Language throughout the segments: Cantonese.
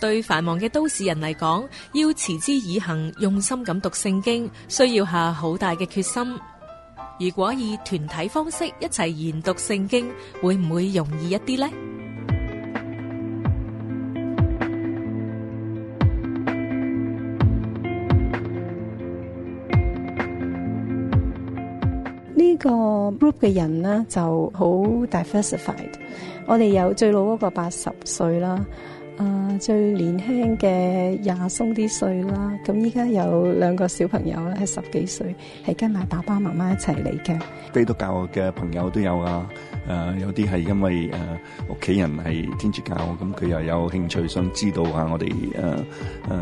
對繁忙嘅都市人嚟講，要持之以恆、用心咁讀聖經，需要下好大嘅決心。如果以團體方式一齊研讀聖經，會唔會容易一啲呢？呢個 group 嘅人呢就好 diversified，我哋有最老嗰個八十歲啦。.啊，最年輕嘅廿鬆啲歲啦，咁依家有兩個小朋友咧，係十幾歲，係跟埋爸爸媽媽一齊嚟嘅。基督教嘅朋友都有啊，誒、啊、有啲係因為誒屋企人係天主教，咁佢又有興趣想知道下、啊、我哋誒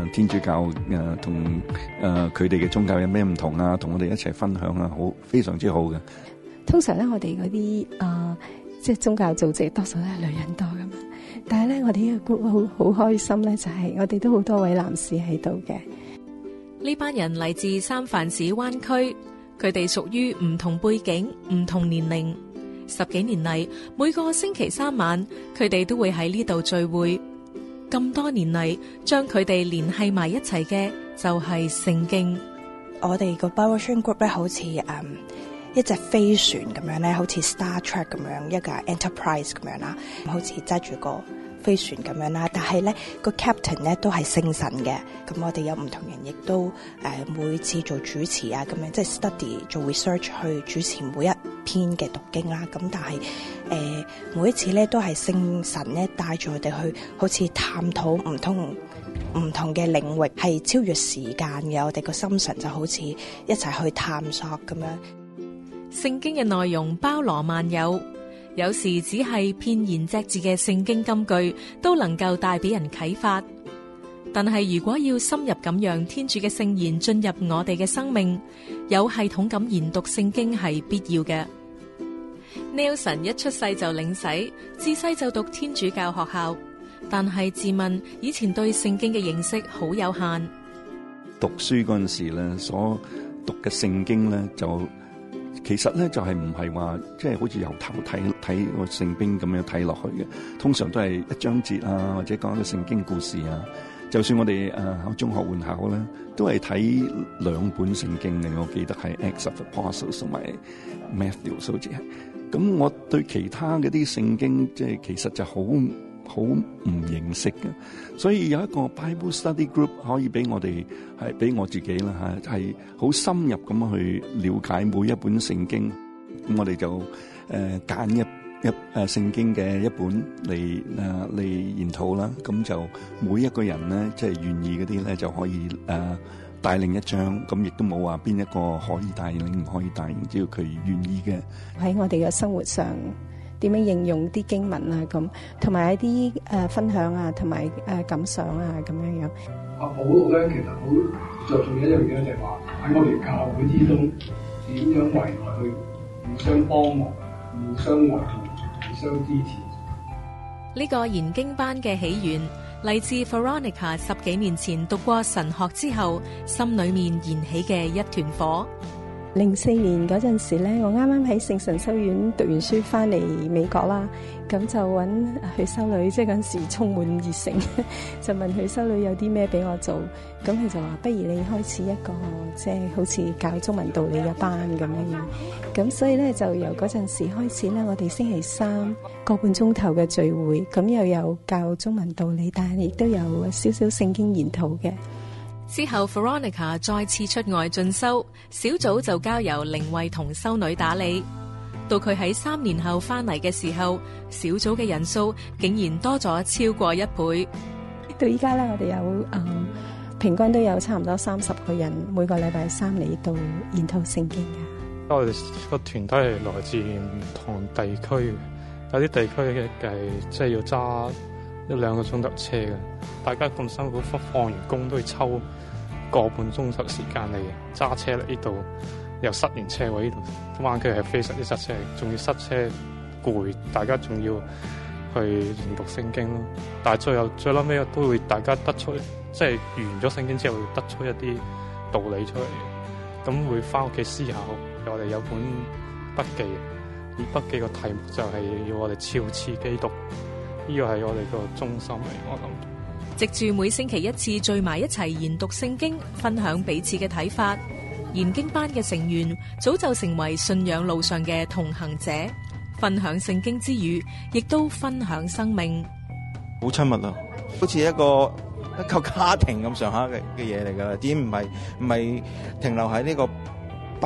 誒天主教誒同誒佢哋嘅宗教有咩唔同啊，同我哋一齊分享啊，好非常之好嘅。通常咧，我哋嗰啲誒即係宗教組織，多數都係女人多嘅。但係咧，我哋呢個 group 好好開心咧，就係、是、我哋都好多位男士喺度嘅。呢班人嚟自三藩市灣區，佢哋屬於唔同背景，唔同年齡。十幾年嚟，每個星期三晚，佢哋都會喺呢度聚會。咁多年嚟，將佢哋聯繫埋一齊嘅就係聖經。我哋個 bible sharing group 咧，好似嗯。一隻飛船咁樣咧，好似 Star Trek 咁樣，一個 Enterprise 咁樣啦，好似揸住個飛船咁樣啦。但係咧，個 captain 咧都係聖神嘅。咁我哋有唔同人也，亦都誒每次做主持啊，咁樣即係 study 做 research 去主持每一篇嘅讀經啦。咁但係誒、呃、每一次咧都係聖神咧帶住我哋去，好似探討唔同唔同嘅領域，係超越時間嘅。我哋個心神就好似一齊去探索咁樣。聖經嘅內容包羅萬有，有時只係片言隻字嘅聖經金句都能夠帶俾人啟發。但係如果要深入咁讓天主嘅聖言進入我哋嘅生命，有系統咁研讀聖經係必要嘅。Nelson 一出世就領洗，自細就讀天主教學校，但係自問以前對聖經嘅認識好有限。讀書嗰陣時咧，所讀嘅聖經咧就。其實咧就係唔係話即係好似由頭睇睇個聖經咁樣睇落去嘅，通常都係一章節啊，或者講個聖經故事啊。就算我哋誒考中學換考咧，都係睇兩本聖經嘅。我記得係 Acts of the Apostles 同埋 Matthew，數字。咁我對其他嗰啲聖經即係、就係、其實就好。好唔認識嘅，所以有一個 Bible Study Group 可以俾我哋係俾我自己啦吓，係好深入咁去了解每一本聖經。咁我哋就誒揀、呃、一一誒聖經嘅一本嚟誒嚟研討啦。咁就每一個人咧即係願意嗰啲咧就可以誒帶、啊、領一章，咁亦都冇話邊一個可以帶領唔可以帶領，只要佢願意嘅。喺我哋嘅生活上。點樣應用啲經文啊？咁同埋一啲誒分享啊，同埋誒感想啊，咁樣樣。啊，補錄咧，其實好重要一樣嘢，就係話喺我哋教會之中，點樣維愛去互相幫忙、互相維護、互相支持。呢個研經班嘅起源，嚟自 Veronica 十幾年前讀過神學之後，心裡面燃起嘅一團火。零四年嗰陣時咧，我啱啱喺聖神修院讀完書翻嚟美國啦，咁就揾許修女，即係嗰陣時充滿熱誠，就問許修女有啲咩俾我做，咁佢就話：不如你開始一個即係、就是、好似教中文道理嘅班咁樣樣。咁所以咧，就由嗰陣時開始咧，我哋星期三個半鐘頭嘅聚會，咁又有教中文道理，但係亦都有少少聖經研討嘅。之後，Veronica 再次出外進修，小組就交由靈慧同修女打理。到佢喺三年後翻嚟嘅時候，小組嘅人數竟然多咗超過一倍。到依家咧，我哋有、呃、平均都有差唔多三十個人，每個禮拜三嚟到研討聖經嘅。我哋個團體係來自唔同地區嘅，有啲地區嘅計即係要揸一兩個鐘得車嘅，大家咁辛苦放放完工都要抽個半鐘頭時間嚟揸車嚟呢度，又塞完車位呢度，灣區係非常之塞車，仲要塞車攰，大家仲要去研讀聖經咯。但係最後最嬲尾都會大家得出，即係完咗聖經之後會得出一啲道理出嚟，咁會翻屋企思考。有我哋有本筆記，而筆記個題目就係要我哋朝思夕讀。呢個係我哋個中心嚟，我諗。藉住每星期一次聚埋一齊研讀聖經，分享彼此嘅睇法，研經班嘅成員早就成為信仰路上嘅同行者，分享聖經之餘，亦都分享生命。好親密啊！好似一個一個家庭咁上下嘅嘅嘢嚟㗎啦，點唔係唔係停留喺呢個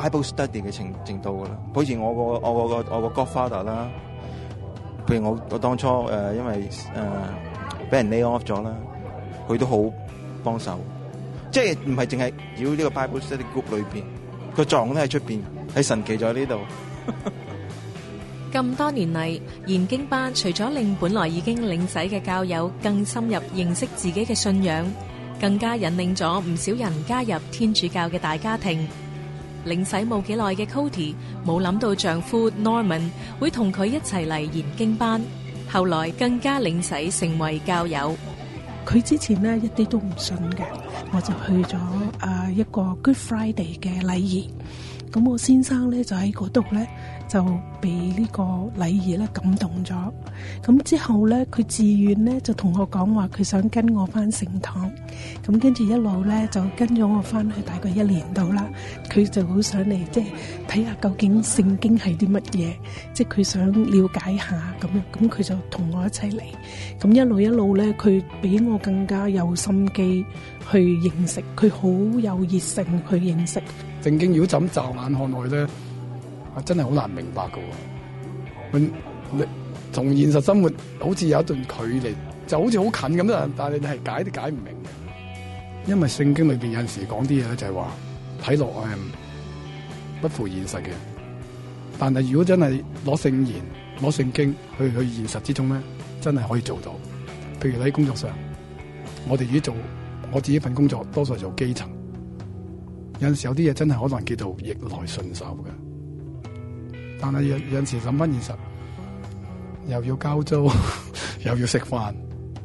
Bible study 嘅程程度㗎啦？好似我個我個我個 Godfather 啦。譬如我我當初誒、呃，因為誒俾、呃、人 lay off 咗啦，佢都好幫手，即係唔係淨係要呢個 Bible study group 裏邊，佢撞都喺出邊，喺神奇在呢度。咁 多年嚟，研經班除咗令本來已經領洗嘅教友更深入認識自己嘅信仰，更加引領咗唔少人加入天主教嘅大家庭。領洗冇幾耐嘅 Cody 冇諗到丈夫 Norman 會同佢一齊嚟研經班，後來更加領洗成為教友。佢之前咧一啲都唔信嘅，我就去咗啊一個 Good Friday 嘅禮儀，咁我先生咧就喺嗰度咧。就俾呢個禮儀咧感動咗，咁之後咧佢自願咧就同我講話佢想跟我翻聖堂，咁跟住一路咧就跟咗我翻去大概一年度啦，佢就好想嚟即係睇下究竟聖經係啲乜嘢，即係佢想了解下咁樣，咁佢就同我一齊嚟，咁一路一路咧佢比我更加有心機去認識，佢好有熱誠去認識。聖經如果咁驟眼看來咧？啊，真係好難明白噶，你同現實生活好似有一段距離，就好似好近咁啦。但係你係解都解唔明嘅，因為聖經裏邊有陣時講啲嘢咧，就係話睇落係不符現實嘅。但係如果真係攞聖言、攞聖經去去現實之中咧，真係可以做到。譬如喺工作上，我哋已經做我自己份工作，多數係做基層，有陣時有啲嘢真係可能叫做逆來順受嘅。但係有有時諗返現實，又要交租，又要食飯，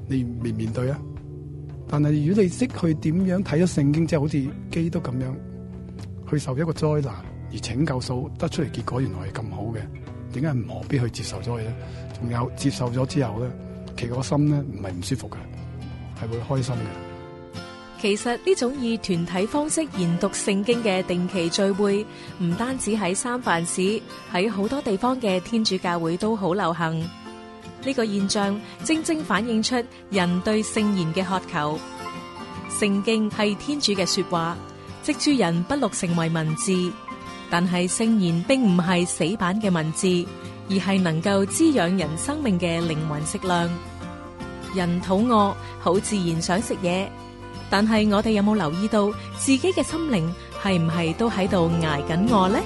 你面面對啊？但係如果你識去點樣睇咗聖經之後，即係好似基督咁樣，去受一個災難而拯救數，得出嚟結果原來係咁好嘅，點解唔何必去接受咗佢咧？仲有，接受咗之後咧，其實個心咧唔係唔舒服嘅，係會開心嘅。其實呢種以團體方式研讀聖經嘅定期聚會，唔單止喺三藩市，喺好多地方嘅天主教會都好流行。呢、這個現象，正正反映出人對聖言嘅渴求。聖經係天主嘅說話，藉住人筆錄成為文字，但係聖言並唔係死板嘅文字，而係能夠滋養人生命嘅靈魂食糧。人肚餓，好自然想食嘢。但係我哋有冇留意到自己嘅心靈係唔係都喺度挨緊我呢？